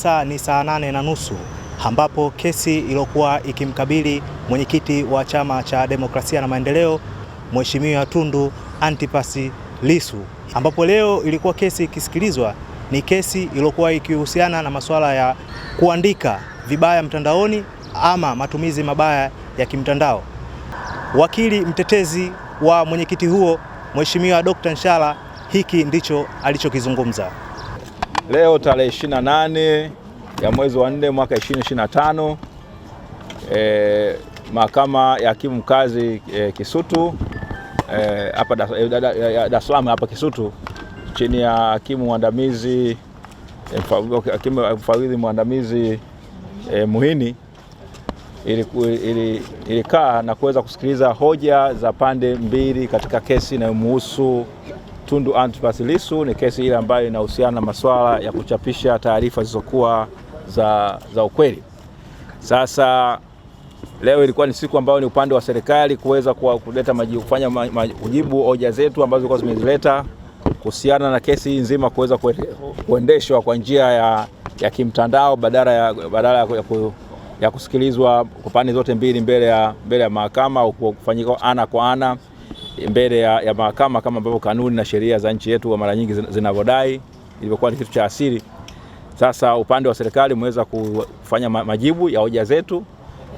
sasa ni saa nane na nusu ambapo kesi iliyokuwa ikimkabili mwenyekiti wa Chama cha Demokrasia na Maendeleo Mheshimiwa Tundu Antipasi Lissu, ambapo leo ilikuwa kesi ikisikilizwa, ni kesi iliyokuwa ikihusiana na masuala ya kuandika vibaya mtandaoni ama matumizi mabaya ya kimtandao. Wakili mtetezi wa mwenyekiti huo Mheshimiwa Dr. Nshala, hiki ndicho alichokizungumza. Leo tarehe 28 ya mwezi wa 4 mwaka 2025, eh, mahakama ya hakimu mkazi eh, Kisutu e, hapa eh, Dar es Salaam hapa Kisutu chini ya hakimu mwandamizi e, hakimu mfawidhi mwandamizi eh, Muhini ilikaa ili, na kuweza kusikiliza hoja za pande mbili katika kesi inayomuhusu Tundu Antipas Lissu ni kesi ile ambayo inahusiana na masuala ya kuchapisha taarifa zilizokuwa za, za ukweli. Sasa leo ilikuwa ni siku ambayo ni upande wa serikali kuweza kuleta majibu, kufanya majibu hoja zetu ambazo zilikuwa zimezileta kuhusiana na kesi hii nzima kuweza kuendeshwa kwa njia ya, ya kimtandao badala ya, badala ya, ya, ya kusikilizwa kwa pande zote mbili mbele ya, mbele ya mahakama au kufanyika ana kwa ana mbele ya, ya mahakama kama ambavyo kanuni na sheria za nchi yetu mara nyingi zinavyodai ilivyokuwa ni kitu cha asili. Sasa upande wa serikali umeweza kufanya majibu ya hoja zetu,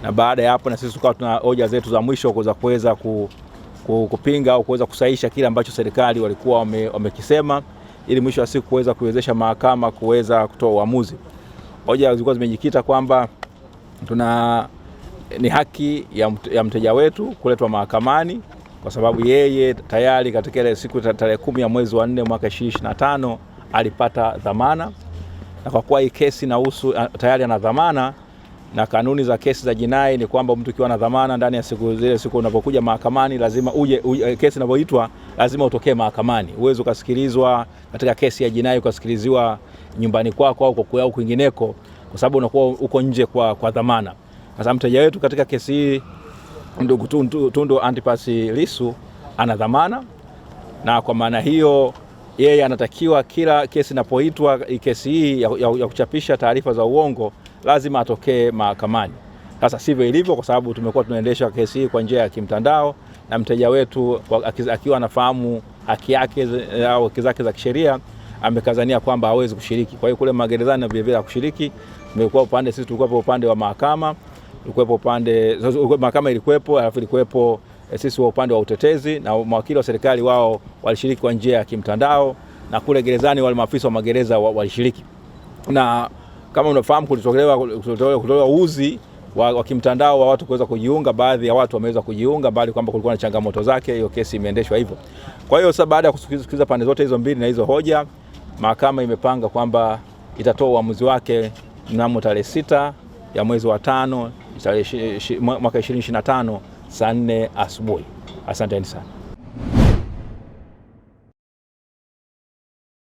na baada ya hapo na sisi tukawa tuna hoja zetu za mwisho za kuweza ku, kupinga au kuweza kusaisha kile ambacho serikali walikuwa wamekisema wame ili mwisho wa siku kuweza kuwezesha mahakama kuweza kutoa uamuzi. Hoja zilikuwa zimejikita kwamba tuna ni haki ya mteja wetu kuletwa mahakamani kwa sababu yeye tayari katika ile siku tarehe kumi ya mwezi wa nne mwaka 2025 alipata dhamana, na kwa kuwa hii kesi inahusu tayari ana dhamana na kanuni za kesi za jinai ni kwamba mtu ukiwa na dhamana ndani ya siku zile siku unapokuja mahakamani lazima uje, uje kesi inapoitwa lazima utokee mahakamani. Uwezi ukasikilizwa katika kesi ya jinai ukasikiliziwa nyumbani kwako au kwa kwingineko, kwa sababu unakuwa uko nje kwa, kwa dhamana. Sasa mteja wetu katika kesi hii ndugu Tundu Antipas Lissu ana dhamana, na kwa maana hiyo yeye anatakiwa kila kesi inapoitwa kesi hii ya, ya, ya kuchapisha taarifa za uongo lazima atokee mahakamani. Sasa sivyo ilivyo, kwa sababu tumekuwa tunaendesha kesi hii kwa njia ya kimtandao na mteja wetu akiwa anafahamu haki yake au haki zake za kisheria amekazania kwamba hawezi kushiriki. Kwa hiyo kule magerezani na vilevile hakushiriki, tumekuwa upande sisi tulikuwa upande wa mahakama ilikuwepo upande mahakama ilikuwepo, alafu ilikuwepo eh, sisi wa upande wa utetezi na mawakili wa serikali wao walishiriki kwa njia ya kimtandao, na kule gerezani wale maafisa wa magereza walishiriki, na kama unafahamu kulitolewa kutolewa uzi wa, wa kimtandao wa watu kuweza kujiunga. Baadhi ya watu wameweza kujiunga, bali kwamba kulikuwa na changamoto zake. Hiyo kesi imeendeshwa hivyo. Kwa hiyo sasa, baada ya kusikiliza pande zote hizo mbili na hizo hoja, mahakama imepanga kwamba itatoa uamuzi wake mnamo tarehe sita ya mwezi wa tano mwaka 2025 saa 4 asubuhi. Asanteni sana.